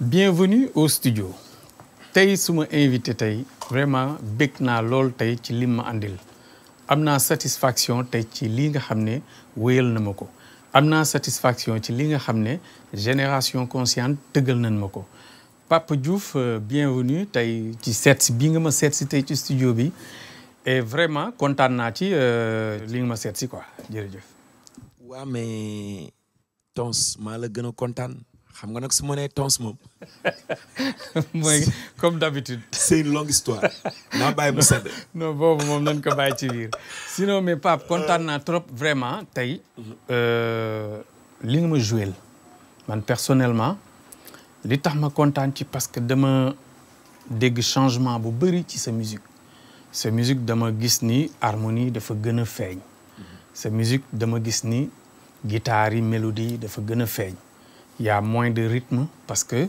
bienvenue au studio tey suma invité tey vraiment bég naa lool tey ci lim ma àndil am naa satisfaction tey ci li nga xam ne wéyal na ma ko am naa satisfaction ci li nga xam ne génération consciente tëggal nañ ma ko Papa Diouf euh, bienvenue tey ci seetsi bi nga ma seetsi tey ci studio bi e vraiment kontaan naa ci euh, li nga ma seetsi quoi jërëjëf. waaw mais Tons maa la gën a kontaan. xam nga nag su ma nee tons moom. mooy comme d'habitude. c'est une longue naa bàyyi mu sedd. non boobu moom nañ ko bàyyi ci biir. sinon mais Pape kontaan naa trop vraiment tey. Euh, li nga ma joué man personnellement li tax ma kontaan ci parce que dama dégg changement bu bëri ci sa musique. sa musique dama gis ni harmonie dafa gën a feeñ. Mm-hmm. sa musique dama gis ni guitare yi mélodie dafa gën a feeñ. y a moins de rythme parce que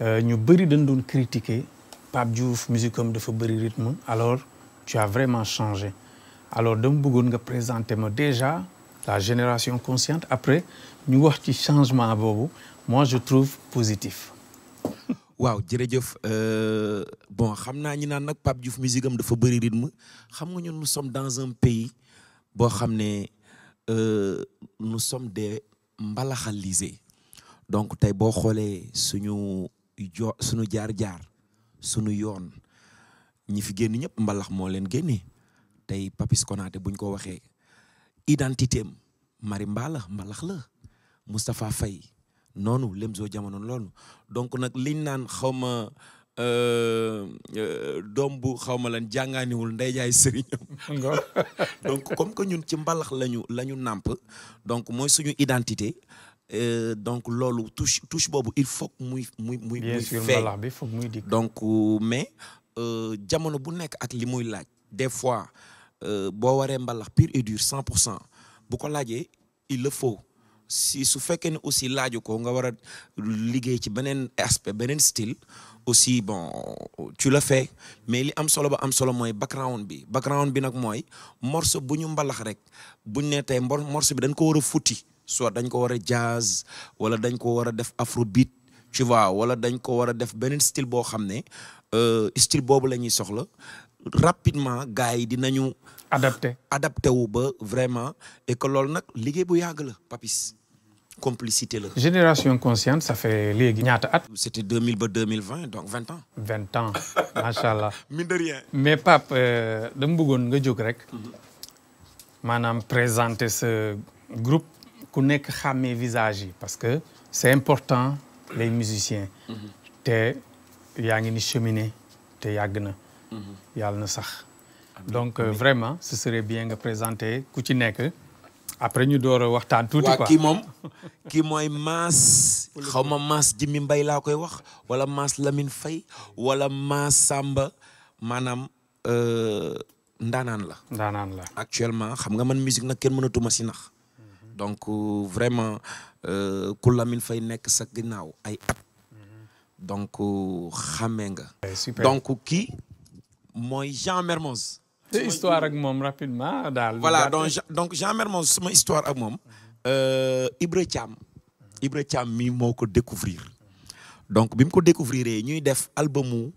euh, ñu bëri dañ doon critiquer Pape Diouf musique am dafa bëri rythme alors tu as vraiment changé alors dama bëggoon nga présenter ma déjà la génération consciente après ñu wax ci changement boobu moi je trouve positif. waaw jërëjëf euh, bon xam naa ñi naan nag Pape Diouf musique dafa bëri rythme xam nga ñun nous sommes dans un pays boo xam ne euh, nous sommes des mbalaxalisés donc tey boo xoolee suñu jo suñu jaar-jaar suñu yoon ñi fi génn ñëpp mbalax moo leen génnee tey Papis Konaté buñ ko waxee identité mari marimba mbalax la Moustapha Faye noonu Lemzo jamono loolu donc nag liñ naan xaw ma euh, euh, doom bu xaw ma lan jàngaaniwul ndey jaay donc comme que ñun ci mbalax lañu la ñu nàmp donc mooy suñu identité Euh, donc loolu touche touche boobu il faut que muy muy muy muy fee donc euh, mais euh, jamono bu nekk ak li muy laaj des fois boo waree mbalax pur et dur cent pour cent bu ko laajee il le faut si su fekkee ne aussi laaju ko nga war a liggéey ci beneen aspect beneen style aussi bon tu le fais mais li am solo ba am solo mooy background bi background bi nag mooy morceau bu ñu mbalax rek buñ ne tey morceau bi dañ ko war a futti soit dañ ko war a jazz wala dañ ko war a def afrobeat tu vois wala dañ ko war a def beneen style boo xam ne euh, style boobu la ñuy soxla rapidement gars yi dinañu. adapté adapté wu ba vraiment et que nag liggéey bu yàgg la papis complicité la. génération consciente ça fait léegi ñaata at. c' deux mille ba deux mille vingt donc vingt ans. vingt ans macha allah. mine de mais Pape euh, dama bëggoon nga jóg rek. maanaam présenter ce groupe. ku nekk xàmmee visage yi parce que c'est important les musiciens te yaa ngi ni cheminer te yàgg na yàlla na sax donc euh, vraiment ce serait bien nga présenter ku ci nekk après ñu door waxtaan tuuti quoi waaw kii moom kii mooy Mass xaw ma Mass Jimmy Mbaye laa koy wax wala Mass Lamine fay wala Mass Samba maanaam euh, ndaanaan la ndaanaan la actuellement xam nga man musique na kenn mënatuma si nax donc euh, vraiment euh, ku Lamine Faye nekk sa ginnaaw ay at. donc euh, xamee nga. donc kii mooy Jean Mermoz. te ak moom rapidement daal. voilà donc donc Jean Mermoz suma histoire ak moom. Ibra Thiam. Ibra Thiam mi moo ko découvrir donc bim ko découvrir ñuy def albumu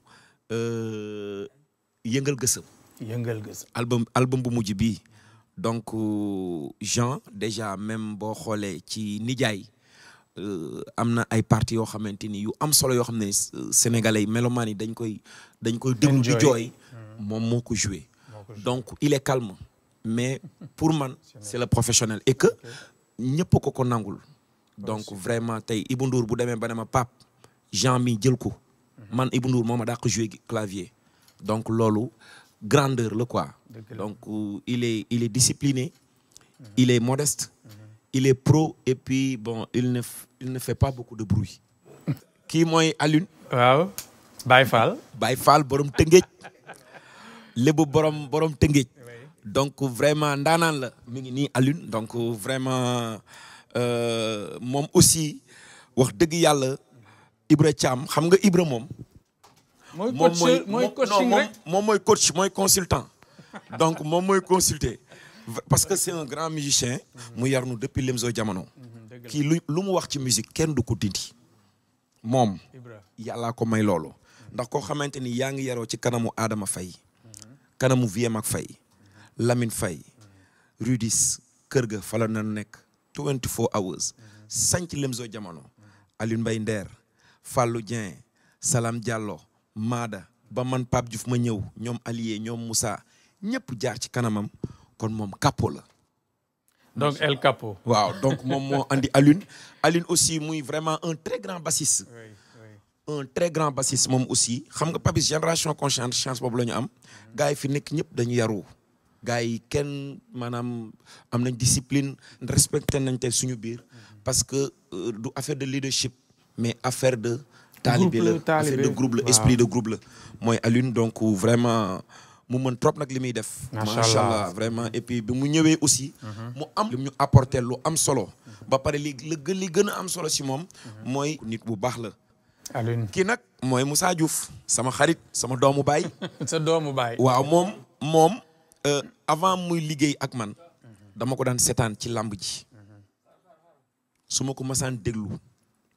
yëngal gësëm. yëngal gësëm album bu mujj bii. donc euh, Jean déjà même boo xoolee ci nijaay euh, am na ay parti yoo xamante ni yu am solo yoo xam ne euh, sénégalais yi melomaan yi dañ koy dañ koy déglu di jooy hmm. moom moo ko joué donc il est calme mais pour man c'est le professionnel et que ñëpp ko ko nangul donc vraiment tey Ibou bu demee ba ne ma pap Jean mii jël ko hmm. man Ibou Ndour moo ma dàq joué clavier donc loolu grandeur la quoi donc euh, il est il est discipliné il est modeste il est pro et puis bon il ne il ne fait pas beaucoup de bruit kii mooy Alioune waaw Baye Fall Baye Fall borom tëngéej lébu borom borom tëngéej donc vraiment ndaanaan la mi ngi nii Alioune donc vraiment euh, moom aussi wax dëgg yàlla Ibra Thiam xam nga Ibra moom mooy coach mooy moom mooy coach mooy consultant. donc moom mooy consulter. parce que c'est un grand musicien. mu yar nu depuis Lemzo jamono. kii lu lu mu wax ci musique kenn du ko dindi. moom yàllaa ko may loolu. ndax koo xamante ni yaa ngi yaroo ci kanamu Adama fay kanamu Vieux ak Faye Lamine Faye Rudis kër ga fa na nekk 24 hours sanc Lemzo jamono Alioune Mbaye Nder fallu Dieng Salam Diallo maada ba man Pape Diouf ma ñëw ñoom allié ñoom Moussa ñëpp jaar ci kanamam kon moom Capo la. donc El Capo. waaw donc moom moo andi Alune Alune aussi muy vraiment un très grand bassiste. Oui, oui. un grand bassiste moom aussi xam nga Papis génération consciente chance boobu la ñu am. Mhm. gars yi fi nekk ñëpp dañu yaru gars yi kenn maanaam am nañ discipline respecté nañ te suñu biir. Mhm. parce que euh, du affaire de leadership mais affaire de. taalibe la affaire de groupe la esprit de groupe la mooy Alioune donc vraiment mu mën trop nag li muy def macha allah vraiment et puis bi mu ñëwee aussi mhm. mu am li ñu apporter lu am solo ba pare li li gën a am solo si moom mhm. mooy nit bu baax la Alioune kii nag mooy Moussa Diouf sama xarit sama doomu baay sa doomu baay waaw moom moom euh, avant muy liggéey ak man dama ko daan seetaan ci lamb ji mhm. su ma ko masaan déglu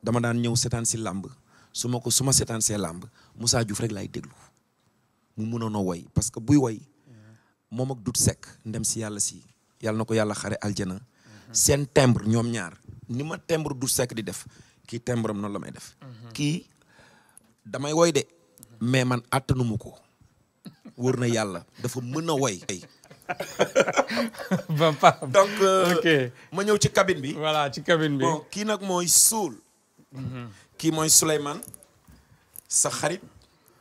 dama daan ñëw setaan si lamb su ma ko suma ma seetaan see làmb Moussa Diouf rek laay déglu mu mënoon a woy parce que buy woy moom ak dut sekk ndem si yàlla si yàlla na ko yàlla xare aljana seen tembre ñoom ñaar ni ma timbre dut sekk di def kii tembre am noonu la may def kii damay woy de mais man attanuma ko wër na yàlla dafa mën a woy donc euh, ma ñëw ci cabine bi voilà kii nag mooy suul mhm. kii mooy Souleymane sa xarit.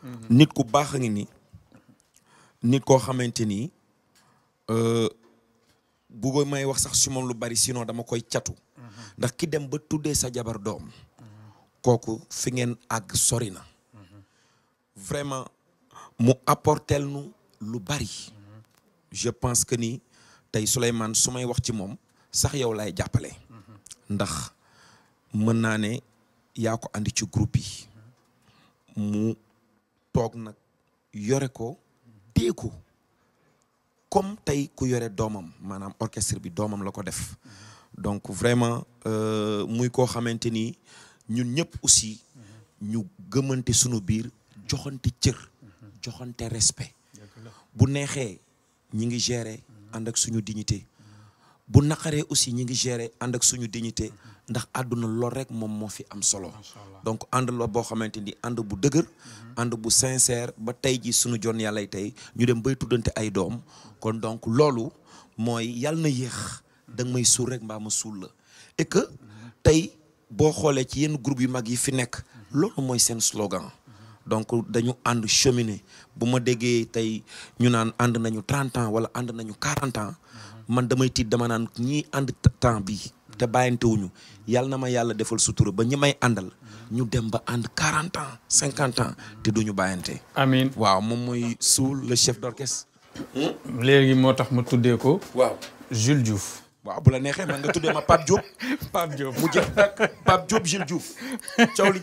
Mhm. nit ku baax a ngi nii. nit koo xamante ni euh, bu ko may wax sax si moom lu bari sinon dama koy catu. Mhm. ndax ki dem ba tuddee sa jabar doom. kooku fi ngeen àgg sori na. Mhm. vraiment mu apportel nu lu bari. je pense que ni tey Souleymane su may wax ci moom sax yow laay jàppale. ndax mën naa ne. yaa ko andi ci groupe yi mu toog nag yore ko téye comme tey ku yore doomam maanaam orchestre bi doomam la ko def donc vraiment euh, muy koo xamante ni ñun ñëpp aussi ñu gëmante sunu biir joxante cër joxante respect bu neexee ñi ngi gérer ànd ak suñu dignité bu naqaree aussi ñi ngi gérer ànd ak suñu dignité ndax àdduna lool rek moom moo fi am solo donc ànd boo xamante ni ànd bu dëgër mhm. ànd bu sincère ba tey ji suñu jon yàllay tey ñu dem bay tuddante ay doom kon donc loolu mooy yàlla na yéex da may suur rek mbaa ma suul la et que mhm. tey boo xoolee ci yenn groupe yu mag yi fi nekk mhm. loolu mooy seen slogan donc dañu ànd cheminer bu ma déggee tey ñu naan ànd nañu 30 ans wala ànd nañu 40 ans man damay tiit dama naan ñi ànd temps bi te bàyyantewuñu yàlla na ma yàlla defal sutura ba ñu may àndal ñu dem ba ànd quarante ans cinquante ans te duñu bàyyante amiin waaw moom mooy suul le chef d'orchestre hmm? léegi moo tax ma tuddee ko waaw Jules Diouf waaw bu la neexee man nga tuddee ma Pape Diop Pape Diop mu jëf nag Pape Diop Jules Diouf coow li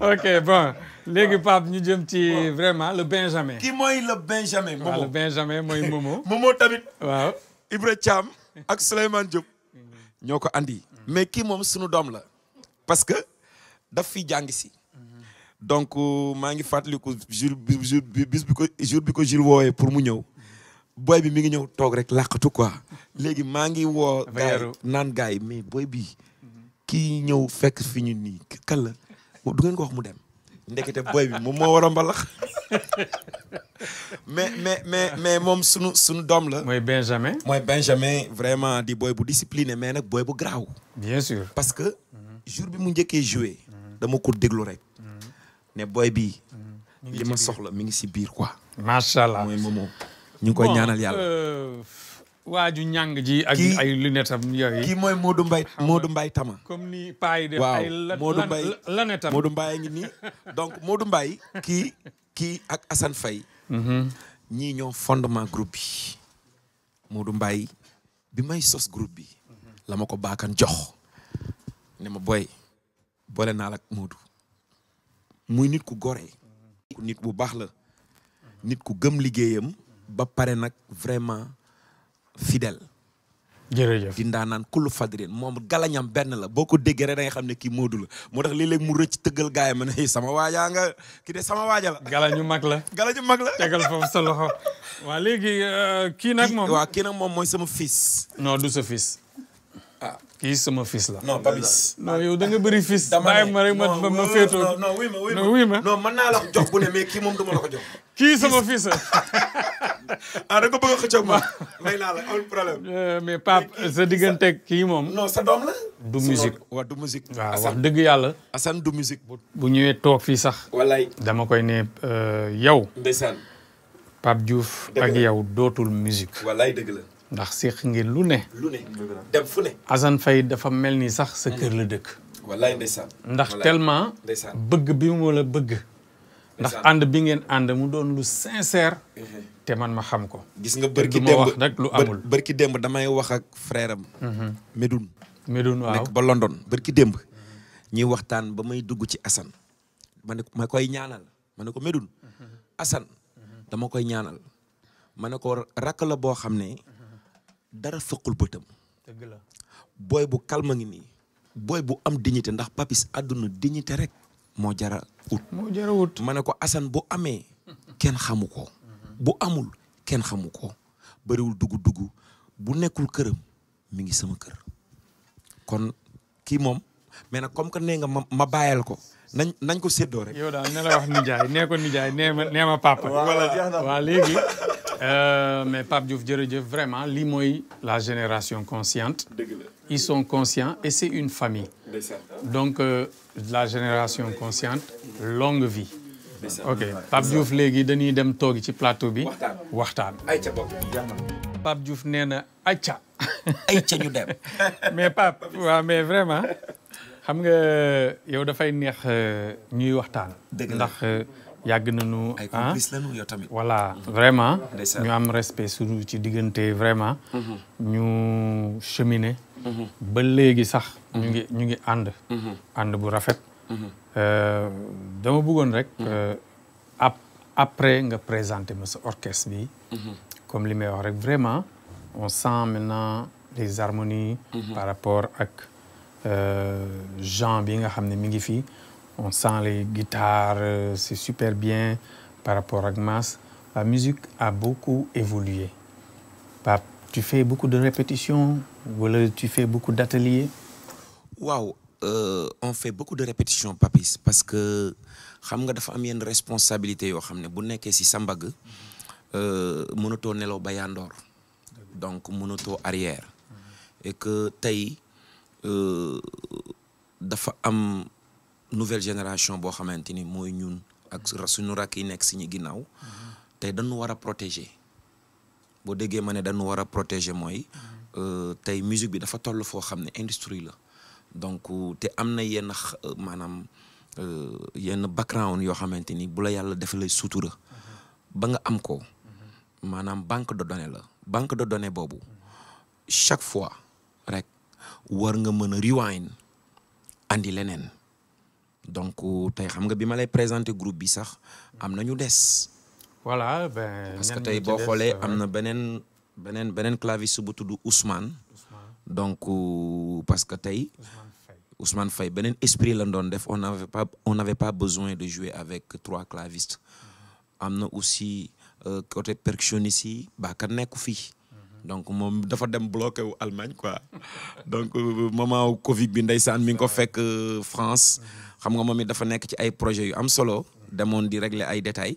ok bon léegi Pape ñu jëm ci vraiment le Benjamin ki moy le Benjamin ah, Momo le Benjamin mooy Momo Momo tamit waaw Ibra Thiam ak Souleymane Diop ñoo ko andi. mais kii moom sunu doom la. parce que daf fi jàng si. donc euh, maa ngi fàttaliku jour bi jour bi ko jour bi ko Jules wooyee pour mu ñëw. boy bi mi ngi ñëw toog rek làqatu ko léegi maa ngi woo. gaay naan gaay mais booy bi kii ñëw fekk fi ñu nii kan la du ngeen ko wax mu dem. ndekete boy bi moom moo war a mais mais mais moom sunu sunu doom la. mooy Benjamin. mooy Benjamin vraiment di booy bu discipliné mais nag boy bu garaaw. bien parce que mhm. jour bi mu njëkkee joué. Mhm. dama ko déglu rek. Mhm. ne boy bi li ma soxla mi ngi si biir quoi. macha allah mooy moomoo ñu ngi koy ñaanal yàlla. Euh, waaju ñàng ji ak ay lunette am mooy Modou Mbaye Modou Mbaye Tama. comme ni paa yi def ay Modou Mbaye lanette am Modou Mbaye ngi nii donc Modou Mbaye kii kii ak Assane Faye mhm. ñii ñoo fondement groupe bi Modou Mbaye bi may sos groupe bi lama ko baakan jox ne ma boy boole naa la ak Modou muy nit ku gore nit bu baax la nit ku gëm liggéeyam ba pare nag vraiment fidèle jërëjëf di ndaanaan kullu fadrin moom gala ñam benn la boo ko déggee e da xam ne kii Modou la moo tax léeg-léeg mu rëcc tëggal gars yi ma ne sama waajaa nga ki de sama waajala la galañu mag la galañu mag la tegal foofu sa loxo waa léegi euh, kii nag moom waaw kii nag moom mooy sama fils non du ah kii sama fils la. non Papis. non yow da nga bëri fils. dama ma rek ma ma naa la ko jox bu ne mais kii moom sama fils la. ah da bëgg a xëccoog ma. may naa euh, sa digganteeg kii moom. non sa doom du musique waaw wax dëgg yàlla. Assane du bu ñëwee toog fii sax. wallaay dama koy ne euh, yow. ndeysaan. Pape ak yow dootul musique. wallaay dëgg ndax séq ngeen lu ne. lu ne dem fu dafa mel ni sax sa kër la dëkk. wallaay ndeysaan ndax tellement. bëgg bi mu la bëgg. ndax ànd bi ngeen ànd mu doon lu sincère. te man ma xam ko. gis nga bërki démb wax nag lu amul. damay wax ak frère am. Medoune. Mhm. Medoune waaw nekk ba London bërki démb. ñuy waxtaan ba may dugg ci Assane. ma ne ma koy ñaanal ma ne ko Medoune. Mhm. Assane mhm. dama koy ñaanal. ma ko rakk la boo xam ne. dara fëqul bëtam. dëgg la booy bu kalma ngi nii. booy bu am dignité ndax papis àdduna dignité rek. moo jara ut. moo jara ut ma ne ko Assane bu amee. kenn xamu ko. bu amul kenn xamu ko. bariwul dugg duggu bu nekkul këram mu ngi sama kër. kon kii moom mais nag comme que nee nga ma ma bàyyal ko nañ nañ ko séddoo rek. yow daal ne la wax nijaay nee ko nijaay nee ma papa. voilà jeex Euh, mais Pape Diouf jërëjëf vraiment lii mooy la génération consciente ils sont conscients et c'est une famille donc euh, la génération consciente longue vie ok Pape Diouf léegi dañuy dem toogi ci plateau bi waxtaan Pape Diouf nee na acca acca ñu dem mais Pape waa mais vraiment xam nga yow dafay neex euh, ñuy waxtaan ndax yàgg nañu ay ah, complice lañu yow voilà mhm. vraiment ñu am respect suñu ci diggante vraiment mhm. ñu cheminer mhm. ba léegi sax ñu ngi ñu ngi ànd bu rafet euh, dama bëggoon rek euh, ap après nga présenter ma sa orchestre bi comme li may wax rek vraiment on sent maintenant les harmonies par rapport ak Jean euh, bi nga xam ne mi ngi fii on sent les guitares, euh, c'est super bien par rapport ak Gmas. La musique a beaucoup évolué. Tu fais beaucoup de répétitions ou tu fais beaucoup d'ateliers Waouh On fait beaucoup de répétition Papis, parce que xam nga dafa am yenn responsabilité yoo xam ne bu nekkee si sa mbagg euh, mënatoo nelaw ba yandoor donc mënatoo arrière et que tey euh, dafa am nouvelle génération boo xamante ni mooy ñun ak suñu rakk yi nekk suñu ginnaaw tey dañu war a protéger boo déggee ma ne dañu war a protéger mooy euh, tey musique bi dafa toll foo xam ne industrie la donc te am na yenn euh, maanaam euh, yenn background yoo xamante ni bu la yàlla dafa lay sutura ba nga am ko maanaam banque de données la banque de données boobu chaque fois rek war nga mën a rewind andi leneen donc euh, tey xam nga bi ma lay présenter groupe bi sax am na ñu des. voilà ben parce que tey boo xoolee euh, am na beneen beneen beneen claviste bu tudd Ousmane. donc euh, parce que tey. Ousmane Faye beneen esprit la doon def on n'avait pas on n'avait pas besoin de jouer avec trois clavistes mhm. am na aussi côté percussionniste yi baaka nekku fii mhm. donc moom dafa dem bloqué wu Allemagne quoi donc moment Covid bi ndeysaan mi ngi ko fekk France. Mhm. xam nga moom it dafa nekk ci ay projet yu am solo demoon di régler ay détails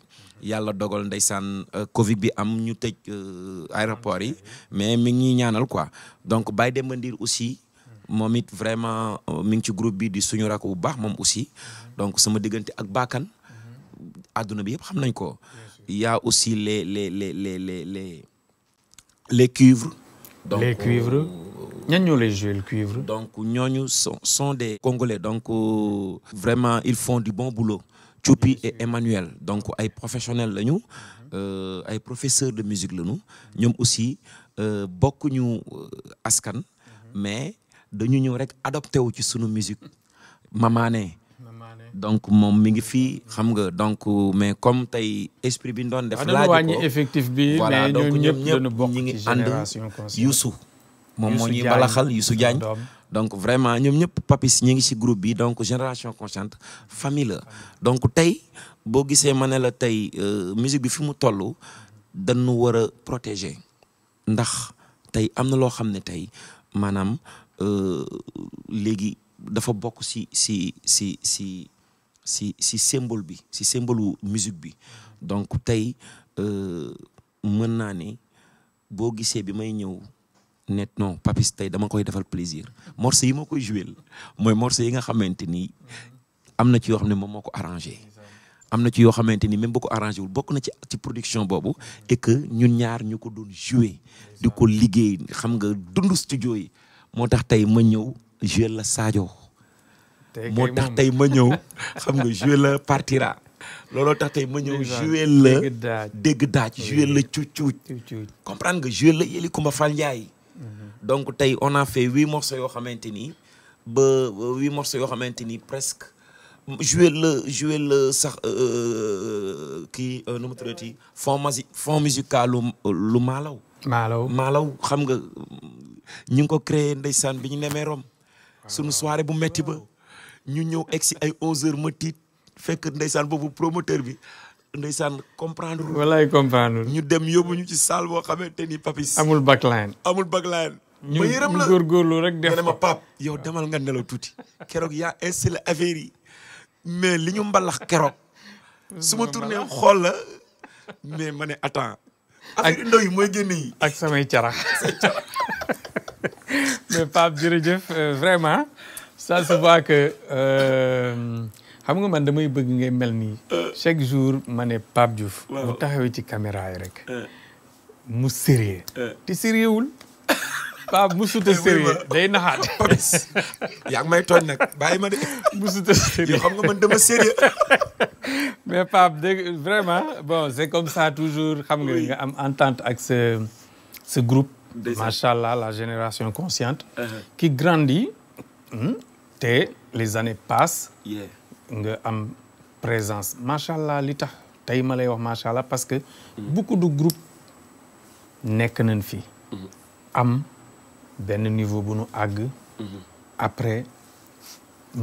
yàlla dogal saan euh, Covid bi am ñu tëj euh, aéroport yi mais mi ngi ñuy ñaanal quoi donc dem Demba Ndir aussi moom it vraiment euh, mi ngi ci groupe bi di suñu rakk bu baax moom aussi donc sama diggante ak Bakkan àdduna bi yëpp xam nañ ko. y a aussi les les les les les les cuivres. donc les cuivres euh, ñan ñoo lay jouer le cuivre. donc ñooñu son sont des congolais donc euh, vraiment il font du bon boulot. Choupi et Emmanuel donc ay professionnels lañu. Euh, ay professeurs de musique lañu. ñoom aussi bokkuñu askan. Mhm. mais dañu ñëw rek adopté wu ci sunu musique mamaane. donc moom mi ngi fii xam nga donc mais comme tey esprit bi ñu doon def. Ah, laaj ko wàññi effectif bi. voilà donc ñoom ñëpp ñu ngi ànd Youssou. moom moo ñuy balaxal Youssou Diagne donc vraiment ñoom ñëpp papis ñi ngi ci groupe bi donc génération consciente famille la donc tey boo gisee ma ne la tey euh, musique bi fi mu toll dañu war a protéger ndax tey am na loo xam ne tey maanaam euh, léegi dafa bokk si si si ci si si symbole bi si symbole musique bi donc tey euh, mën naa ne boo gisee bi may ñëw net non Papis tey dama koy defal plaisir morceau yi ma koy jouer mooy morceau yi nga xamante ni am na ci yoo xam ne moom moo ko arrangé am na ci yoo xamante ni même bu ko arrangé wul bokk na ci ci production boobu et que ko doon jouer di ko liggéey xam nga dund studio yi moo tax tey ma ñëw jouer la Sadio. moo tax tey ma ñëw xam nga joué partira looloo tax tey ma ñëw joué la dégg daaj la cuuc cuuc comprendre nga joué la Yéli Kumba Fall Ndiaye mhm. donc tey on a fait huit yoo xamante ni ba huit morceaux yoo xamante ni presque joué la joué la sax euh, euh, kii euh, nu mu tuddati fond masi fond musical lu lu maalaw maalaw xam nga ñu ngi ko créé ndeysaan bi ñu nemee Rome sunu soirée bu metti ba ñu ñëw egg si ay 11h ma tiit fekk ndeysaan boobu promoteur bi ndeysaan comprendre. walaay comprendre. ñu dem yóbbu ñu ci salle boo xamante ni papis. amul backline amul backline. ma yërëm la ñu góorgóorlu rek def ma pap yow demal nga nelaw tuuti keroog yaa installé affaire yi mais li ñu mbala keroog. su ma tourné xool la mais ma ne attends. ak ndaw yi mooy génn ak sama carax. mais Pape jërëjëf euh, vraiment. ça se voit que euh, nga man damay bëgg ngay mel ni chaque jour mane ne Pape Diouf. bu taxawee ci caméra yi rek. Eh. mu sérieux. Eh. te sérieux wul. Pape musut a sérieux day naxaat. yaa ngi may tooñ nag bàyyi ma de. musut a sérieux yow xam nga man dama sérieux. mais Pape dégg vraiment bon c'est comme ça toujours xam nga nga entente ak sa sa groupe. macha allah la génération consciente. Eh. qui grandit. Hmm, te les années passent. nga am présence macha allah li tax tey ma lay wax macha allah parce que. Mm. beaucoup de groupes nekk nañ fii mm-hmm. am benn niveau bu nu àgg. Mm-hmm. après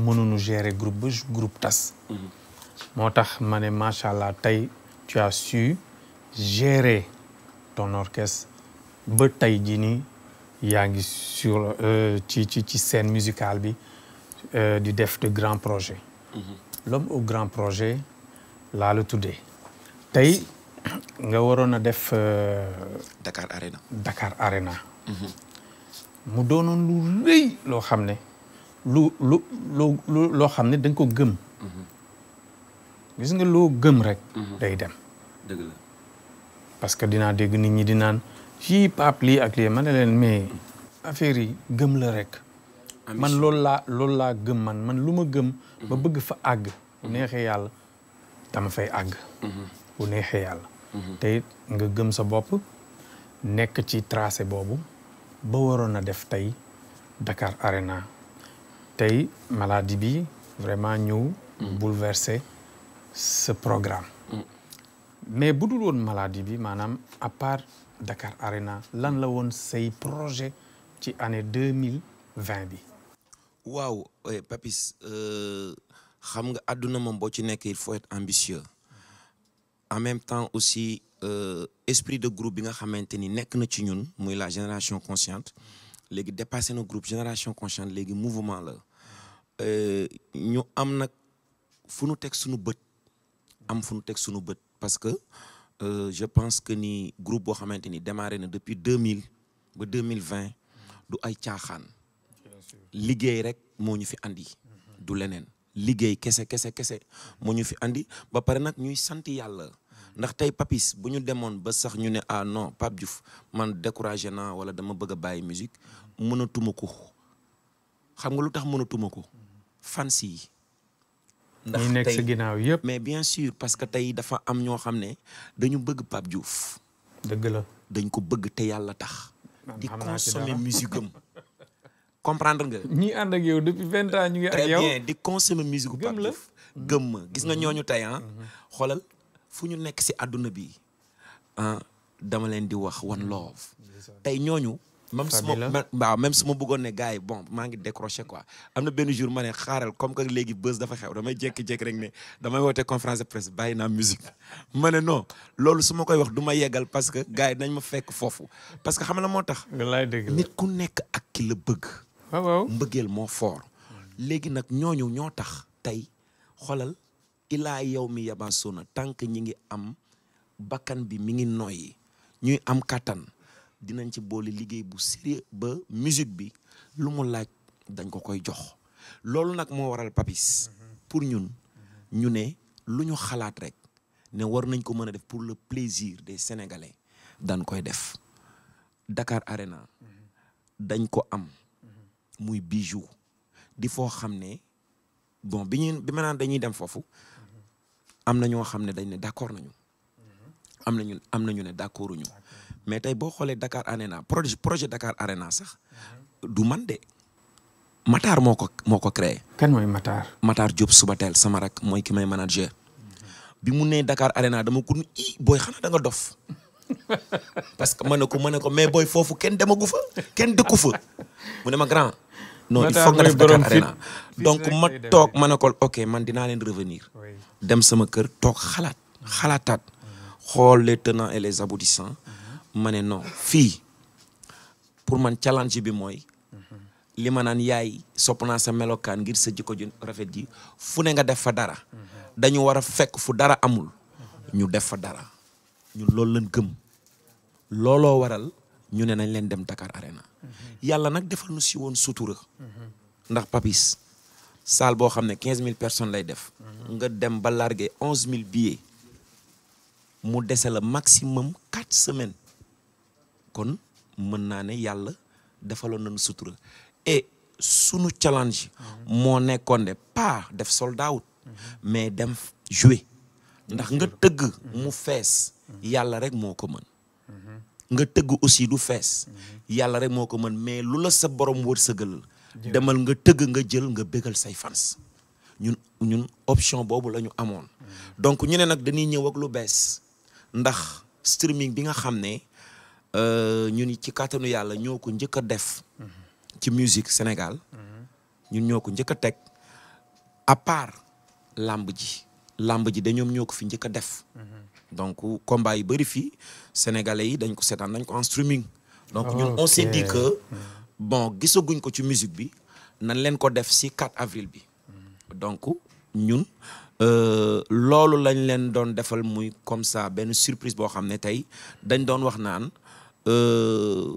mënuñu gérer groupe ba groupe tas. Mm-hmm. moo tax ma ne macha allah tey tu as su gérer ton orchestre ba tey jii yaa ngi sur euh, ci ci ci scène musicale bi. Euh, di def de grands projets. Mhm. l'homme au grand projet laa la tuddee tey nga waroon a def. Euh, Dakar Arena. Dakar Arena. Mhm. mu doonoon lu rëy loo xam ne lu lu loo xam ne da ko gëm. Mhm. gis nga loo gëm rek. day dem. dëgg la parce que dinaa dégg nit ñi di naan fii pape lii ak lii ma ne leen mais affaire yi gëm la rek. man loolu laa loolu laa gëm man man lu ma gëm. ba bëgg fa àgg. bu neexee yàlla dama fay àgg. Mm-hmm. bu neexee yàlla. Mm-hmm. te nga gëm sa bopp nekk ci tracé boobu ba waroon a def tey Dakar Arena tey maladie bi vraiment ñëw. Mm. bouleverser sa programme. Mm. mais bu dul woon maladie bi maanaam à part Dakar Arena lan la woon say projet ci année deux mille vingt bi. waaw eh, Papis euh, xam nga àdduna moom boo ci nekk il faut être ambitieux en même temps aussi euh, esprit de groupe bi nga xamante ni nekk na ci ñun muy la génération consciente léegi dépassé na groupe génération consciente léegi mouvement la euh, ñu am nag fu nu teg suñu bët am fu nu teg sunu bët parce que euh, je pense que ni groupe boo xamante ni démarré na depuis deux mille ba deux mille vingt du ay caaxaan. liggéey rek moo ñu fi indi du leneen liggéey kese kese kese moo ñu fi andi ba pare nag ñuy sant yàlla. ndax tey papis bu ñu demoon ba sax ñu ne ah non Pape Diouf man découragé naa wala dama bëgg a bàyyi musique mënatuma ko xam nga lu tax mënatuma ko fans yi ndax tey nekk ginnaaw yëpp mais bien sûr parce que tey dafa am ñoo xam ne dañu bëgg Pape Diouf dëgg la dañ ko bëgg te yàlla tax di consommer musique comprendre nga. ñii ànd ak yow depuis vingt ñu ngi ak yow di consommer musique Pape Diouf gëm ma gis nga mm-hmm. ñooñu tey ah. Mm-hmm. xoolal fu ñu nekk si àdduna bi ah, dama leen di wax one mm-hmm. love. tey ñooñu. même su ma waaw même su ma bëggoon ne gars yi bon maa ngi décroché quoi am na benn jour ma ne xaaral comme que léegi buzz dafa xew damay jékki-jékki rek ne damay woote conférence de presse bàyyi naa musique ma ne non loolu su ma koy wax du ma yeggal parce que gars yi dañ ma fekk foofu parce que xam la moo tax. nit ku nekk ak ki la bëgg. waaw waaw mbëggeel moo foor léegi nag ñooñu ñoo tax tey xoolal ilaa yow mi yabasoona tànk ñi ngi am bakkan bi mi ngi noyyi ñuy am kàttan dinañ ci boole liggéey bu sérieux ba musique bi lu mu laaj dañ ko koy jox loolu nag moo waral papis pour ñun ñu ne lu ñu xalaat rek ne war nañ ko mën a def pour le plaisir des sénégalais dañ koy def Dakar Arena dañ ko am muy bijou di foo xam ne bon bi ñu bi ma naan dañuy dem foofu am na ñoo xam ne dañ ne d'accord nañu am nañu am nañu ne d'accorduñu mais tey boo xoolee Dakar Arena projet projet Dakar Arena sax du man de Matar moo ko moo ko créé. kan mooy Matar. Matar Diop Subatel sama rak mooy ki may manager bi mu nee Dakar Arena dama ko ni i booy xanaa da dof parce que mën na ko mën na ko mais booy foofu kenn demagu fa kenn dëkku fa mu ne ma grand. non il faut nga def Dakar Arena donc ma toog ma ne ko ok man dinaa leen revenir dem sama kër toog xalaat xalaataat xool les tenants et les aboutissants ma ne non fii pour man challenge bi mooy li ma naan yaay sopp naa sa melokaan ngir sa jikko ju rafet ji fu ne nga def fa dara dañu war a fekk fu dara amul ñu def fa dara ñu loolu lañ gëm looloo waral ñu ne nañ leen dem Dakar Arena. yàlla nag defal nu si woon sutura. ndax papis salle boo xam ne quinze mille personnes lay def. nga dem ba largué onze mille billets. mu dese la maximum quatre semaine kon mën naa ne yàlla defaloon nañu sutura et sunu challenge. moo nekkoon de pas def sold out. mais dem jouer. ndax nga tëgg mu fees. yàlla rek moo ko mën. nga tëgg aussi du fees yàlla rek moo ko mën mais lu la sa borom wërsëgal demal nga tëgg nga jël nga bégal say fans ñun ñun option boobu la ñu amoon mm-hmm. donc ñu ne nag dañuy ñëw ak lu bees ndax streaming bi nga xam ne euh, ñun ci kàttanu yàlla ñoo ko njëkk a def mm-hmm. ci musique Sénégal mm-hmm. ñun ñoo ko njëkk a teg à part làmb ji làmb ji dañoom ñoo ko fi njëkk def donc combat yi bëri fii sénégalais yi dañ ko seetaan dañ ko en streaming. donc ñun ah, on s'est dit que hmm. bon gisaguñ ko ci musique bi nan leen ko def si 4 avril bi. Hmm. donc ñun euh, loolu lañ leen doon defal muy comme sa benn surprise boo xam ne tey dañ doon wax naan euh,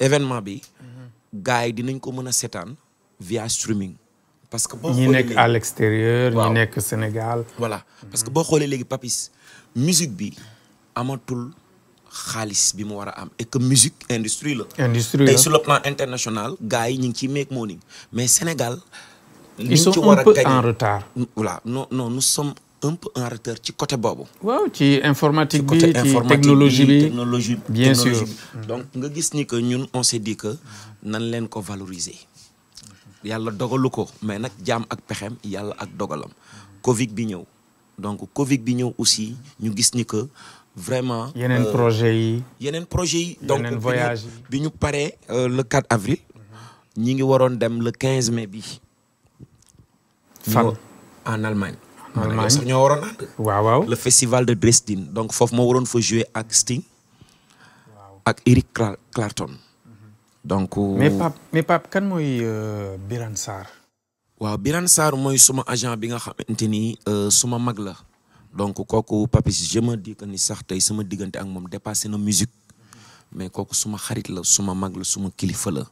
événement bi. Hmm. gars yi dinañ ko mën a seetaan via streaming. parce que boo xoolee nekk à l'extérieur ñi que boo xoolee léegi Papis. musique bi amatul xaalis bi mu war a am et que musique industrie la. industrie la tey sur le plan international gars yi ñu ngi ciy make money mais Sénégal. ils peu en retard voilà non non nous sommes un peu ci côté boobu. waaw ci informatique bi ci technologie bi technologie bien sûr donc nga gis ni que ñun on s'est dit que nan leen ko valoriser. yàlla dogalu ko mais nag jaam ak pexem yàlla ak dogalam. Covid bi ñëw. donc Covid bi ñëw aussi ñu gis ni que vraiment. yeneen euh, projet yi. yeneen projet yi. voyage bi ñu paree euh, le 4 avril. ñu ngi waroon dem le 15 mai bi. fan en Allemagne. en ñoo waroon ànd. waaw waaw le festival de Dresden donc foofu moo waroon fa jouer ak Sting. ak Eric Clapton. Mhm. donc. Euh, mais Pape mais Pape kan mooy Birane Sarr. waaw Birane Sarr mooy suma agent bi nga xamante ni euh, suma mag la donc kooku Papis je me dis ni sax tey sama diggante ak moom dépassé na musique mais kooku suma xarit la suma mag la suma kilifa la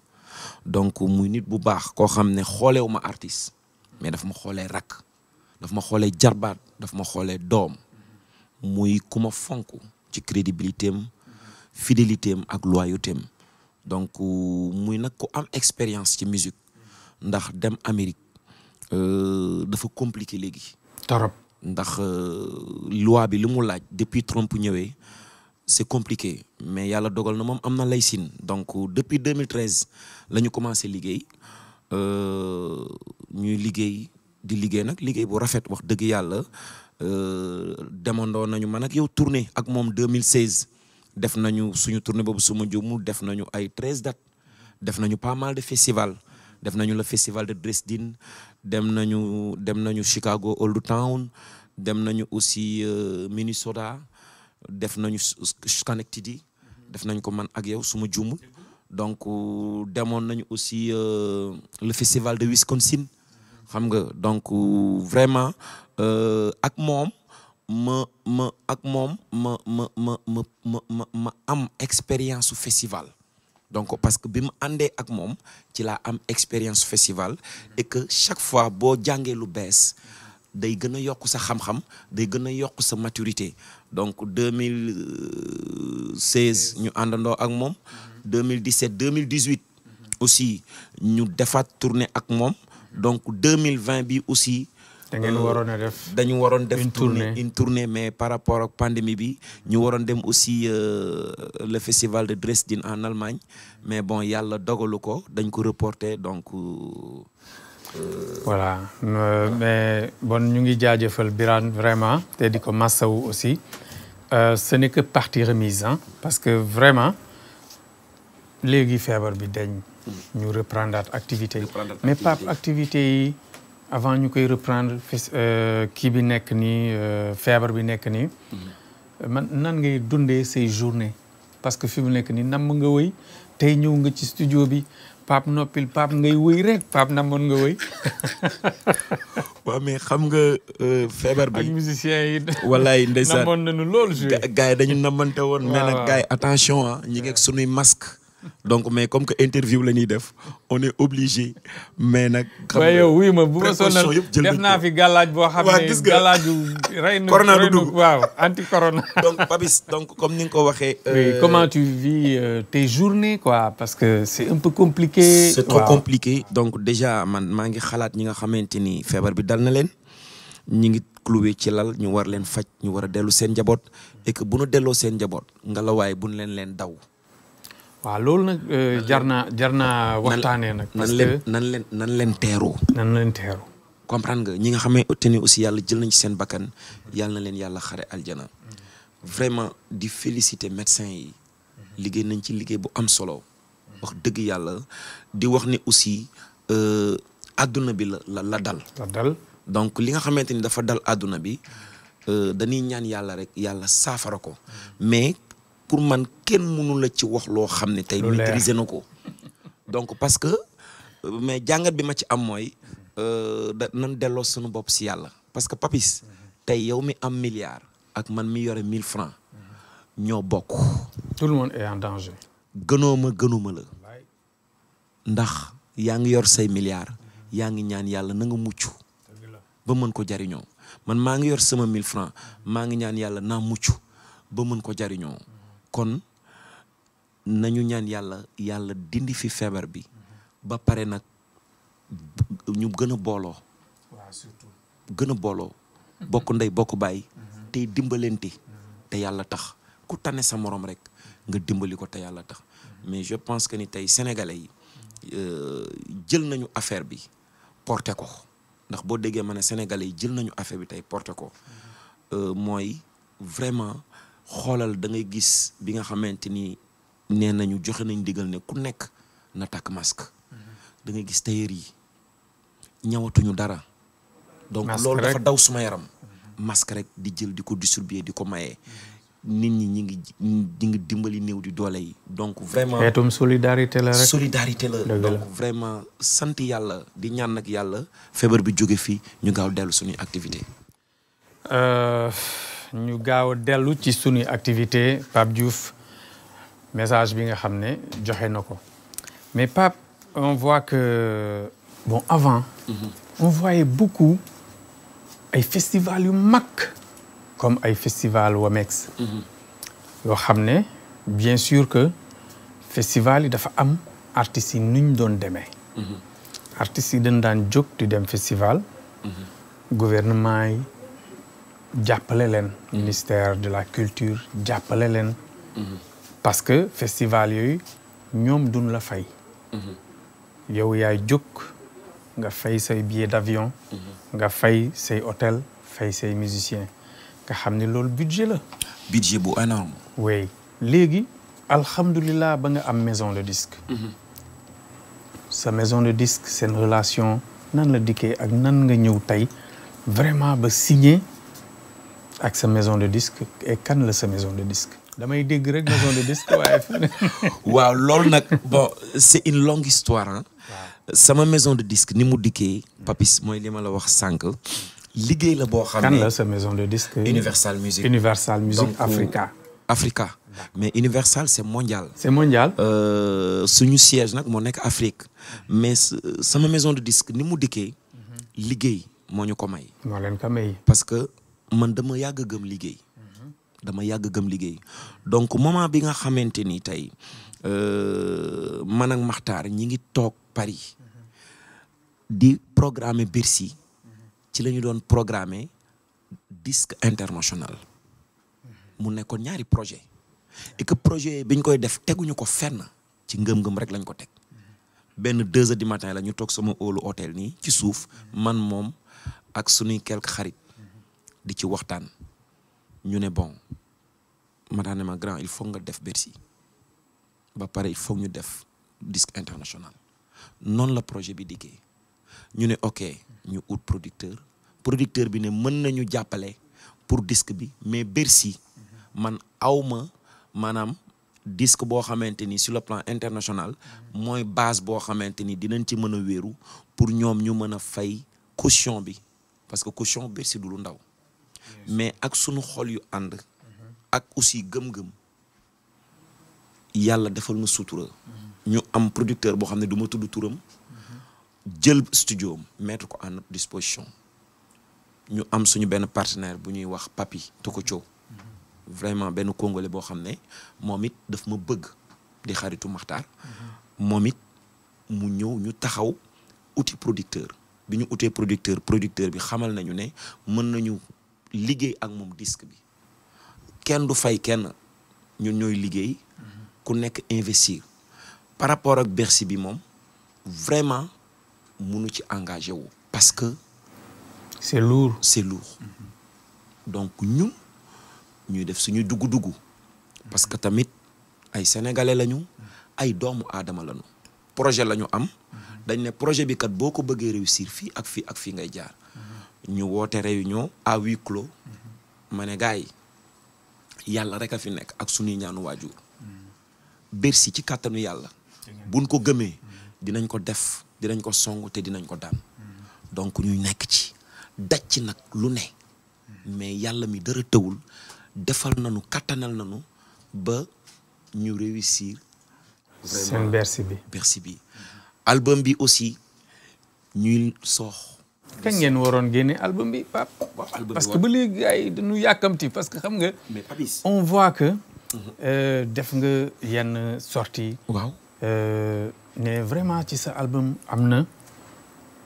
donc muy nit bu baax koo xam ne xooleewu ma artiste mais daf ma xoolee rakk daf ma xoolee jarbaat daf ma xoolee doom muy ku ma fonk ci crédibilité am fidélité am ak loyauté donc euh, muy nag ku am expérience ci musique ndax dem Amérique Euh, dafa compliqué léegi. torop ndax euh, loi bi lu mu laaj depuis Trump ñëwee c'est compliquer mais yàlla dogal na moom am na lay sin donc depuis 2013 la ñu commencé liggéey euh, ñuy liggéey di liggéey nag liggéey bu rafet wax dëgg yàlla demandoo nañu man ak yow tournée ak moom 2016 def nañu suñu tournée boobu suma jumu def nañu ay 13 dat def nañu pas mal de festival def nañu le festival de dine dem nañu dem nañu Chicago Old Town dem nañu aussi euh, Minnesota def nañu Schenectady def nañ ko man ak yow suma jumul donc euh, demoon nañu aussi euh, le festival de Wisconsin xam nga donc vraiment ak moom ma ma ak moom ma ma ma ma ma ma am expérience su festival donc parce que bi mu àndee ak moom ci laa am expérience festival et que chaque fois boo jàngee lu bees day gën a yokk sa xam-xam day gën a yokk sa maturité donc 2016 ñu àndandoo ak moom 2017 2018 aussi ñu defaat tournée ak moom donc 2020 bi aussi da ngeen euh, a def dañu waroon def tournée une tournée mais par rapport ak pandémie bi ñu waroon dem aussi euh, le festival de Dresden en Allemagne mais bon yàlla dogalu ko dañ ko reporter donc. Euh, voilà mais bon ñu ngi jaajëfal biraan vraiment te di ko massawu aussi ce n'est que partie remise ah parce que vraiment léegi feebar bi dañ. Mm. ñu reprendre activité yi mais Pape activité avant ñu koy reprendre fis euh, kii bi nekk nii euh, feebar bi nekk nii. Mhm. man nan ngay dundee say journée parce que fi mu nekk nii namm nga woy tey ñëw nga ci studio bi Pape noppil Pape ngay wëy rek Pape namoon nga woy waaw mais xam nga euh, feebar bi ak musiciens yi. walaay ndeysaan namoon nañu loolu. gars yi dañu namante woon. mais nag gars attention ah. ñu ngi sunuy masque donc mais comme que interview la ñuy def on est obligé mais nag. xam nga yow def naa fi gàllaaj boo xam ne gàllaaju rey na corona du waaw anti corona. donc Papis donc comme ni nga ko waxee. oui euh, comment tu vis euh, tes journées quoi parce que c'est un peu compliqué. c'est donc déjà man maa ngi xalaat ñi nga xamante ni feebar bi dal na leen. ñi ngi cloué ci lal ñu war leen faj ñu war a dellu seen njaboot et que bu nu delloo seen njaboot nga la waaye leen leen daw. waaw loolu nag euh, jar naa jar naa waxtaanee nag. parce que nan leen nan leen teeroo. nan leen teeroo. comprendre nga ñi nga xamante ni aussi yàlla jël nañ ci seen bakkan yàlla na leen yàlla xare aljana mm-hmm. vraiment di féliciter médecins yi. Mm-hmm. liggéey nañ ci liggéey bu am solo. wax dëgg yàlla di wax ni aussi euh, àdduna bi la la la dal. donc li nga xamante ni dafa dal àdduna bi euh, dañuy ñaan yàlla rek yàlla saafara ko mm-hmm. mais. pour man kenn mënu la ci wax loo xam ne tey maîtriser na ko donc parce que euh, mais jàngat bi ma ci am mooy euh, da nan delloo suñu bopp si yàlla parce que papis tey yow mi am milliard ak man mi yore mille francs ñoo bokk tout le monde est en danger gënoo ma gënuma la ndax yaa ngi yor say milliards yaa ngi ñaan yàlla na nga mucc ba mën ko jariñoo man maa ngi yor sama mille francs maa ngi ñaan yàlla naa mucc ba mën ko jariñoo kon nañu ñaan yàlla yàlla dindi fi feebar bi ba pare nag ñu gën a booloo. waaw gën a booloo. bokk ndey bokk baay. tey dimbalante. te yàlla tax ku tane sa moroom rek nga dimbali ko te yàlla tax mais je pense que ni tey sénégalais yi euh, jël nañu affaire bi porté ko ndax boo déggee ma ne sénégalais yi jël nañu affaire bi tey porté ko euh, mooy vraiment. xoolal da ngay gis bi nga xamante ni nee nañu joxe nañ diggal ne ku nekk na takk masque da ngay gis tailleur yi ñawatuñu dara donc loolu dafa daw suma yaram masque rek di jël di ko distribuer di ko maye. nit ñi ñi ngi ñi dimbali néew di doole yi donc vraiment xeetum solidarité la rek solidarité la donc vraiment sant yàlla di ñaan nag yàlla feebar bi jóge fii ñu gaaw dellu suñuy activité euh, ñu gaaw a dellu ci suñuy activité Pape Diouf message bi nga xam ne joxe na ko mais Pape on voit que bon avant mm -hmm. on ay festival yu mag comme ay festival Wamex yoo xam ne bien sur que festival yi dafa am artistes yi nuñ doon demee mhm. artistes yi dañ daan jóg di dem festival mhm. gouvernement yi jàppale leen. ministère de la culture jàppale leen. parce que festival yooyu ñoom duñ la fay. yow yaay jóg nga fay say billet d'avion. nga fay say hôtel fay say musiciens nga xam ne loolu budget la. budget bu énorme. oui léegi alhamdulilah ba nga am maison de disque. sa maison de disque seen relation nan la dikkee ak nan nga ñëw tey vraiment ba signer ak sa maison de disque et kan la sa maison de disque. damay dégg rek maison de disque waaw loolu nag bon c'est une longue histoire sama maison de disque ni mu dikkee. Papis mooy li ma la wax sànq. liggéey la boo xam ne kan la sa maison de disque. Universal Music Universal Music Africa. mais Universal c'est mondial. c'est mondial. Euh, suñu siège nag moo nekk Afrique mais sama maison de disque ni mu dikkee. Mhm. liggéey moo ñu ko may. moo leen ko may. man dama yàgg gëm liggéey. dama yàgg gëm liggéey donc moment bi nga xamante ni tey euh, man ak Maxtaar ñi ngi toog Paris di programmer Bercy ci la ñu doon programmer disque international mu nekkoon ñaari projet et projet biñ koy def teguñu ko fenn ci ngëm-ngëm rek lañ ko teg benn deux heures matin la ñu toog sama óolu hôtel nii ci suuf man moom ak sunuy quelques xarit. di ci waxtaan ñu ne bon ma ma grand il faut nga def Bercy ba pare il faut ñu def disque international noonu la projet bi dikkee ñu ne ok ñu ut producteur producteur bi ne mën nañu jàppale pour disque bi mais Bercy man awma maanaam disque boo xamante ni sur le plan international mooy base boo xamante ni dinañ ci mën a wéeru pour ñoom ñu mën a fay costion bi parce que caution Bercy du lu ndaw mais ak sunu xol yu ànd mm-hmm. ak aussi gëm-gëm yàlla defal na sutura mm-hmm. ñu am producteur boo xam ne duma tudd turam mm-hmm. jël studio am ko en disposition ñu am suñu benn partenaire bu ñuy wax Papi coo vraiment benn congolais boo xam ne moom it dafa ma bëgg di xaritu Maxtaar moom it mu ñëw ñu taxaw uti producteur bi ñu utee producteur producteur bi xamal nañu ne mën nañu liggéey ak moom disque bi kenn du fay kenn ñu ñooy liggéey ku nekk investir par rapport ak Bercy bi moom vraiment munu ci engagé wu parce que c'est lour c'est lourd mm-hmm. donc ñu ñuy def suñuy dugg duggu parce que tamit ay sénégalais lañu ay doomu aadama lañu projet lañu am mm-hmm. dañ ne projet bi kat boo ko bëggee réussir fii ak fii ak fii ngay jaar ñu woote réunion à huis clos ma ne gars yàlla rek a fi nekk ak suñuy ñaanu waajur Bercy ci kàttanu yàlla buñ ko gëmee dinañ ko def dinañ ko song te dinañ ko daan donc ñu nekk ci daj ci nag lu ne mais yàlla mi dara tëwul defal nañu kattanal nañu ba ñu réussir seen Bercy bi Bercy bi album bi aussi ñuy soox kañ ngeen waroon génne album bi Pape. parce que ba léegi ay yi dañu yàkkamti parce que xam nga. mais Papis on voit que. Mhm. Euh, def nga yenn sortie waaw ne euh, vraiment ci sa album am na.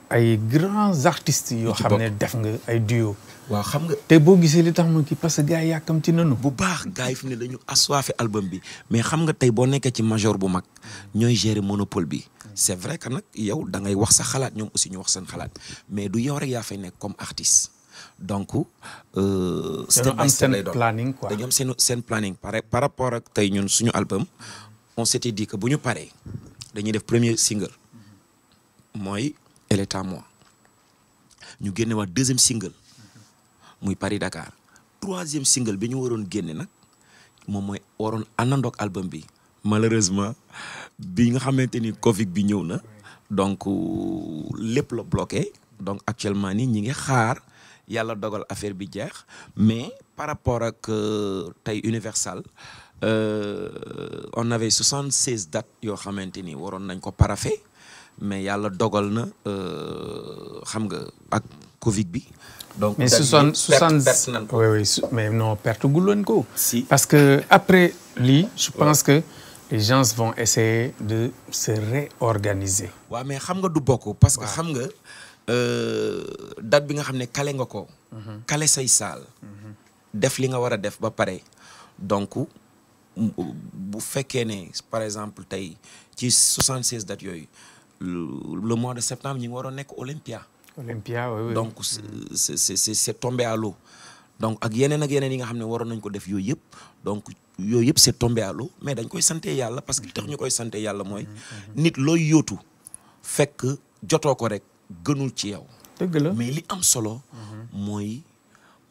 ay grands artistes yoo xam ne def nga ay duo waaw xam nga te boo gisee li tax ma kii parce que gars yi yàkkamti nañu bu baax gars yi fi ne dañu assoiffé album bi mais xam nga tey boo nekkee ci major bu mag ñooy gérer monopole bi c'est vrai que nag yow da ngay wax sa xalaat ñoom aussi ñu wax seen xalaat mais du yow rek yaa fay nekk comme artiste donc. Euh, step by step lay doon planning quoi dañoo am seen seen planning pare par rapport ak tey ñun suñu album on s'était dit que bu ñu paree dañuy def premier single mooy. ele est ñu génne waat deuxième single muy Paris Dakar troisième single bi ñu waroon génne nag moom mooy waroon àndandoog album bi malheureusement bi nga xamante ni Covid bi ñëw na donc euh, lépp la bloqué donc actuellement ni ñi ngi xaar yàlla dogal affaire bi jeex mais par rapport ak euh, tey Universal euh, on avait soixante seize dates yoo xamante ni waroon nañ ko paraphé mais yàlla dogal na euh, xam nga ak Covid bi. donc mais soixante soixante oui mais non perte guloon ko. si parce que après lii. je pense que les gens vont essayer de se réorganiser. waa mais xam nga du bokk. parce que xam nga euh, date bi nga xam ne kale nga ko. kale mhm. say saal. Mhm. def li nga war a def ba pare donc bu fekkee ne par exemple tey ci soixante seize dates yooyu. le mois de septembre ñi ngi waroon nekk Olympia. Olympia oui, oui. donc c'est c'est donc ak yeneen ak yeneen yi nga xam ne waroon nañ ko def yooyu yëpp donc yooyu yëpp c'est tombé mais dañ koy sante yàlla parce que li tax ñu koy sante yàlla mooy nit looy yóotu fekk jotoo ko rek gënul ci yow. la mais li am solo. Mhm. mooy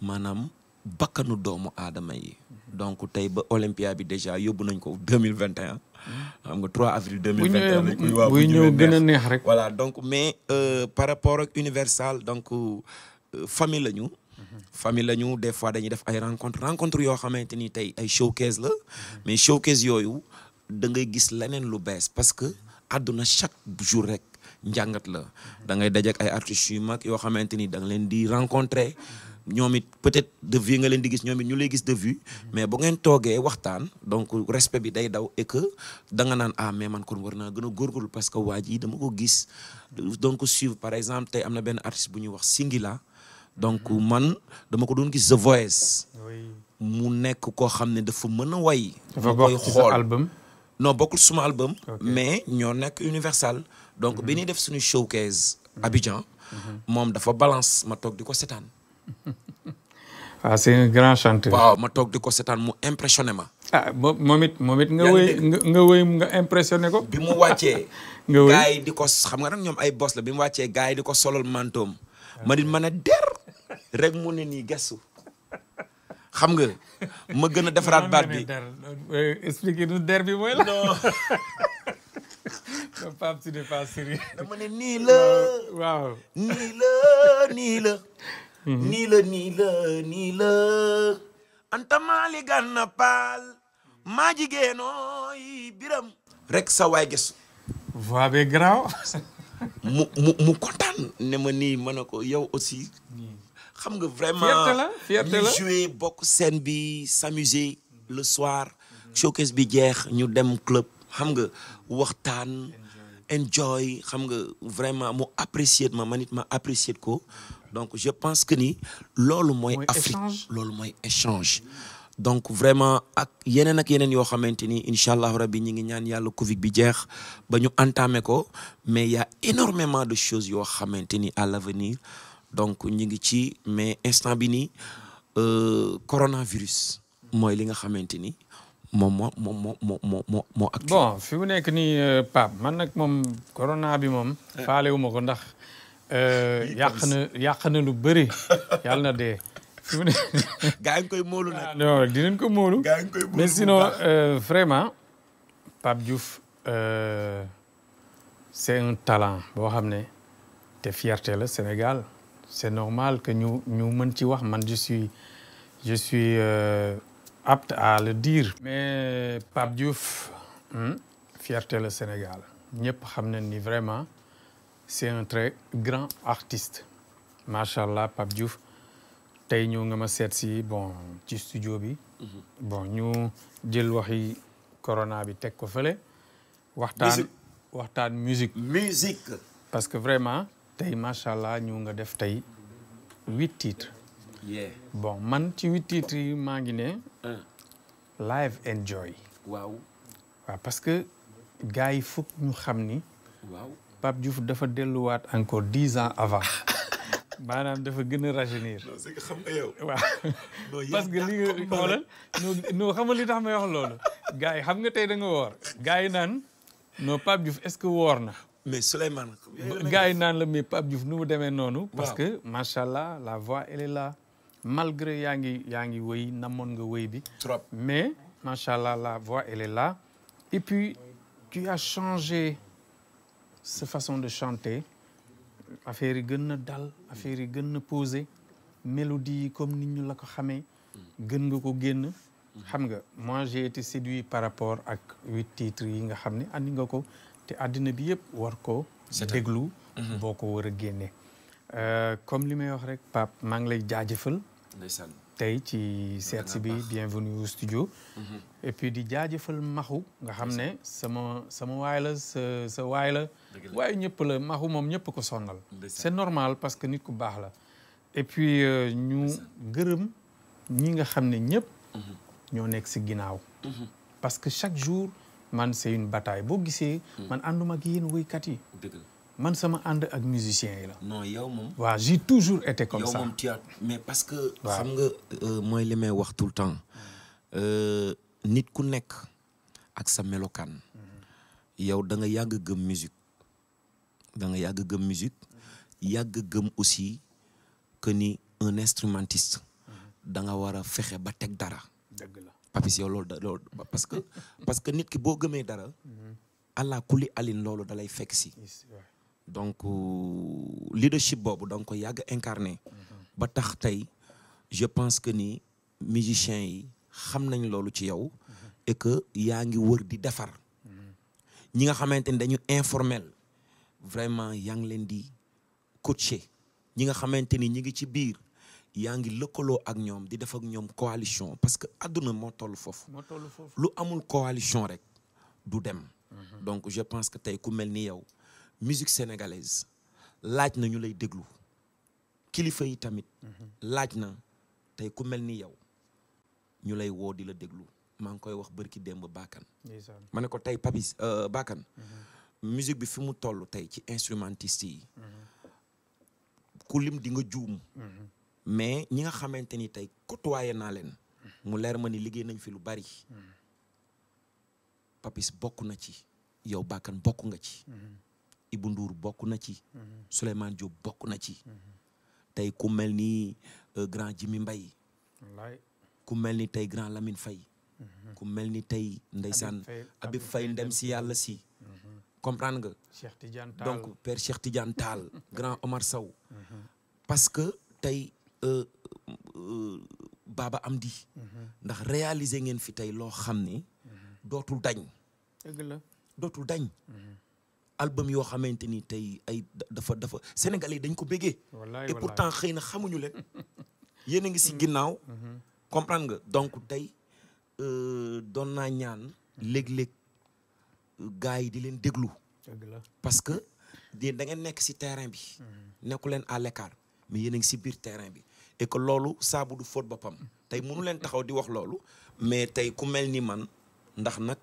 maanaam bakkanu doomu aadama yi. donc tey ba Olympia bi déjà yóbbu nañ ko 2021. xam nga trois avril 2021. buy ñëw neex rek voilà donc mais euh, par rapport ak Universal donc euh, famille la ñu. famille la ñu des fois dañuy def ay rencontre rencontre yoo xamante ni tey ay showcase la mais showcase yooyu da ngay gis leneen lu bees parce que àdduna chaque jour rek njàngat la da ngay dajeek ay artistes yu mag yoo xamante ni da nga leen di rencontrer. ñoom it peut-être de vue nga leen di gis ñoom it ñu lay gis de vue mm-hmm. mais bu ngeen toogee waxtaan donc respect bi day daw et que da nga naan ah mais man kon war naa gën a góorgóorlu parce que waa ji dama ko gis donc suivre par exemple tey am na benn artiste bu ñu wax Singila donc mm-hmm. man dama ko doon gis sa Voice mu nekk koo xam ne dafa mën a way dafa bokk ci sa album non bokkul suma album mais ñoo nekk Universal donc bi mm-hmm. ñuy def suñu showcase Abidjan moom dafa balance ma toog di ko setaan waaw ah, c'est un grand ma toog di ko seetaan mu impressionné ma. ah moom it moom it nga wéy nga wéy ko. bi mu wàccee. nga wéy di ko xam nga ñoom ay boss la bi mu wàccee gars yi di ko solal mantoom. ma di mën der rek mu ne nii gëstu xam nga ma gën a defaraat baat bi. Euh, expliqué nu der bi mooy nii la nii la. Mm-hmm. nii la nii nii la anta maali gànna paal maa jigéenooy biram rek sa waay gëstu voix bi garaaw mu mu ne ma nii ma ne ko yow aussi xam nga vraiment fierté la fierté la jouer bokk scène bi le soir showcase bi jeex ñu dem club xam nga waxtaan enjoy xam nga vraiment mu apprécier ma man ma apprécier ko donc je pense que ni loolu mooy Afrique loolu mooy échange donc vraiment ak yeneen ak yeneen yoo xamante ni incha allah rabbi ñi ngi ñaan yàlla Covid bi jeex ba ñu entamé ko mais y a énormément de choses yoo xamante ni à l'avenir donc ñi ngi ci mais instant bi nii euh, coronavirus mooy li nga xamante ni moom moo moo moo moo bon fi mu nekk nii euh, Pape man nag moom corona bi moom. Eh. faale wu ma ko ndax. Euh, yàq na yàq na lu bëri yàlla de dee. gaa ngi koy moolu nag. non dinañ ko moolu. gaa ngi koy moolu euh, vraiment Pape Diouf euh, c' est un talent boo xam ne te fierté la Sénégal c' normal que ñu ñu mën ci wax man je suis je suis apte à le dire. mais Pape Diouf hmm, fierté la Sénégal ñëpp xam nañ ni vraiment. c'est un très grand artiste macha allah Pape Diouf tey ñëw nga ma seet si bon ci studio bi. Mhm. bon ñu jël waxi corona bi teg ko fële. waxtaan waxtaan musique. parce que vraiment tey macha allah ñu nga def tey huit titres. bon man ci huit titres yi maa ngi ne. live enjoy. waaw. parce que gars yi foog ñu xam ni. waaw. Pape Diouf dafa delluwaat encore dix ans avant maanaam dafa gën a rajeunir. non c'est que parce que li nga xoolal non xam tax may wax loolu. gars yi xam nga tey da nga woor. gars yi naan non Pape Diouf est-ce que woor na. mais Souleymane. gars yi naan la mais Pape Diouf nu mu demee noonu. parce que macha allah la voix elle est là. malgré yaa ngi yaa ngi wëy namoon nga woy bi. trop mais macha allah la voix elle est là. et puis tu as changé. sa façon de chanter affaire yi gën na dal affaire yi gën na posé mélodie yi comme nit ñu la ko xamee gën nga ko génn xam nga moi j'ai été séduit par rapport ak huit titres yi nga xam ne andi nga ko te àddina bi yëpp war ko déglu mhm. boo ko war a génne euh, comme li may wax rek Pape maa ngi lay jaajëfal ndeysaan tey ci seet si bi bienvenue au studio mhm. et puis di jaajëfal maxu nga xam ne sama sama waay la sa sa waay la waaye ñëpp la maxu moom ñëpp ko sonnal c'est normal parce que nit ku baax la et puis euh, ñu gërëm ñi nga xam ne ñëpp mhm. ñoo nekk si ginnaaw mhm. parce que chaque jour man c'est une bataille boo gisee man ànduma ak yéen woykat man sama ànd ak musicien yi la. non yow moom. waaw j'ai toujours été comme ça yow moom tu mais parce que. xam nga euh, mooy li may wax tout le temps euh, nit ku nekk ak sa melokaan. yow danga yàgg gëm musique danga yàgg gëm musique yàgg gëm aussi que ni un instrumentiste. danga nga war a fexe ba teg dara. dëgg la Papis yow loolu da loolu parce que parce que nit ki boo gëmee dara. Mhm. allah kulli alin loolu da lay fekk si. donc euh, leadership boobu da ko yàgg incarné ba tax tey je pense que ni musiciens yi xam nañ loolu ci yow et que yaa ngi wër di defar ñi nga xamante ni dañu informel vraiment yaa ngi leen di coacher ñi nga xamante ni ñi ngi ci biir yaa ngi lëkkaloo ak ñoom di def ak ñoom coalition parce que àdduna moo toll foofu lu amul coalition rek du dem mhm. donc je pense que tey ku mel ni yow musique sénégalaise laaj na ñu lay déglu kilifa yi tamit laaj na tey ku mel ni yow ñu lay woo di la déglu maa ngi koy wax bërki démb Bakkan ma ne ko tey Papis euh, Bakkan mhm. musique bi fi mu toll tey ci instrumentiste yi mhm. ku lim di nga juum mhm. mais ñi nga xamante ni tey côtoyé naa leen mu leer ma ni liggéey nañ fi lu bari Papis bokk na ci yow Bakkan bokk nga ci Ibou bokk na ci. Mhm. Souleymane Diop bokk na ci. Mhm. tey ku mel ni euh, grand Jimi mbay wallaay ku mel ni tey grand lamin fay mhm. ku mel ni tey ndeysaan Habib Faye ndem si yàlla si. comprendre nga. Cheikh Tidiane Tall donc père Cheikh grand Omar Sow. parce que tey euh, euh, Baba Amdi. ndax réaliser ngeen fi tey loo xam ne. dootul dootul dañ. album yoo xamante ni tey ay dafa dafa sénégalais yi dañ ko bëggee. et pourtant xëy na xamuñu leen. yéen a ngi si ginnaaw. Mm, mm-hmm. comprendre nga donc tey euh, doon naa ñaan. léeg-léeg euh, gars yi di leen déglu. parce que di da ngeen nekk si terrain bi. Mm-hmm. nekku leen à l'écart mais yéen a ngi si biir terrain bi. et loolu saabu du fóot boppam. tey mënu leen taxaw di wax loolu. mais tey ku mel ni man ndax nag.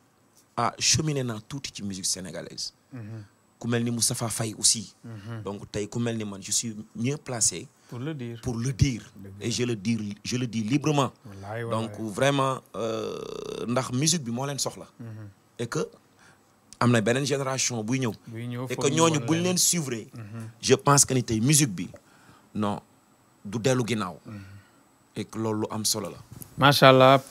ah cheminé naa tuuti ci musique sénégalaise. Mm-hmm. ku mel ni Moustapha Faye aussi. Mm-hmm. donc tey ku mel ni man je suis mieux placé. pour le dire pour le dire. et je le di je le dis librement. donc vraiment euh, ndax musique bi moo leen soxla. Mm-hmm. et que am na beneen génération buy ñëw. et que ñooñu buñ leen suivre. je pense que ni tey musique bi non du dellu ginnaaw. et que loolu lu am solo la.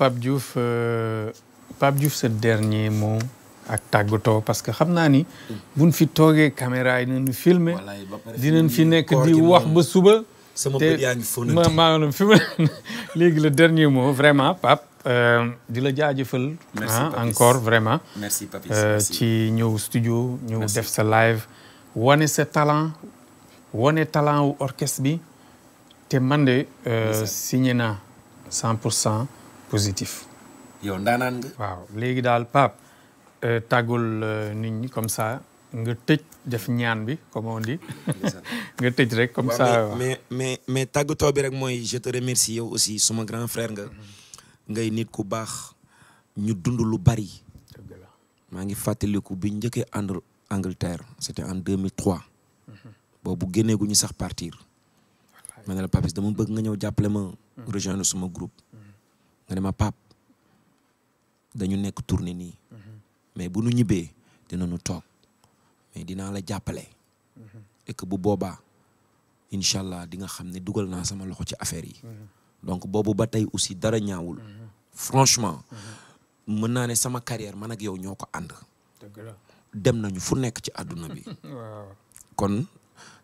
Pape Diouf sa dernier mot ak tàggatoo parce que xam naa ni. buñ fi toogee caméra yi dinañ filmer dinañ fi nekk di wax ba suba. sama bët yaa ngi fóonante te ma ma fi ma léegi la dernier mot vraiment Pape. Euh, di la jaajëfal. encore vraiment. merci Papis euh, ci ñëw studio. ñëw def sa live. wane sa talent wane talent wu orchestre bi te man de euh, signé naa 100 pour cent positif. yow ndaanaan nga. waaw léegi daal Pape euh, tàggul euh, nit ñi comme ça nga tëj def ñaan bi comme on tëj rek comme ça. mais mais mais tàggatoo bi rek mooy je te remercie yow aussi suma grand frère nga. ngay nit ku baax ñu dund lu bari. maa ngi fàttaliku bi njëkkee ànd Angleterre c'était en 2003. boobu génnee ñu sax partir. ma ne la Papis dama bëgg nga ñëw jàppale ma. Mm. rejoindre suma groupe. nga ne ma Pape dañu nekk tournée nii mais bu nu ñibbee dinañu toog mais dinaa la jàppale et bu boobaa incha allah di nga xam ne dugal naa sama loxo ci affaire yi donc boobu ba tey aussi dara ñaawul franchement mën naa ne sama carrière man ak yow ñoo ko ànd dem nañu fu nekk ci àdduna bi kon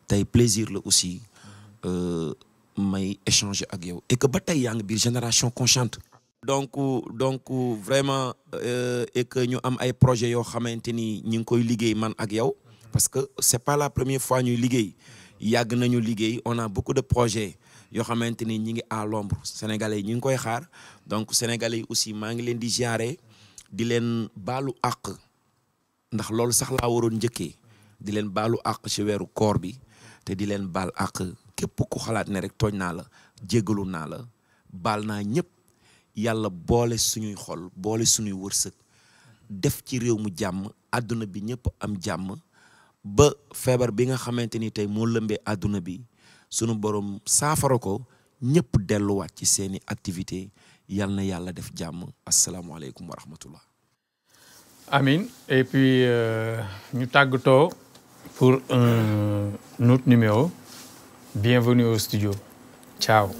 tey plaisir la aussi euh, may échanger ak yow et ba tey yaa ngi biir génération consciente donc donc vraiment euh, et que ñu am ay projets yoo xamante ni ñu ngi koy liggéey man ak yow parce que c'est pas la première fois ñuy liggéey yàgg nañu liggéey on a beaucoup de projet yoo xamante ni ñi ngi à l'ombre sénégalais yi ñu ngi koy xaar donc sénégalais yi aussi maa ngi leen di jaare di leen baalu àq ndax loolu sax laa waroon njëkkee di leen baalu àq ci weeru koor bi te di leen baal àq képp ku xalaat ne rek tooñ naa la jéggalu naa la baal naa ñëpp yàlla boole suñuy xol boole suñuy wërsëg def ci réew mu jàmm àdduna bi ñëpp am jàmm ba feebar bi nga xamante ni tey moo lëmbee àdduna bi sunu boroom saafara ko ñëpp delluwaat ci seeni activité yal na yàlla def jàmm asalaamualeykum wa rahmatullah amin et puis euh, ñu tàggatoo pour un autre numéro bienvenue au studio ciao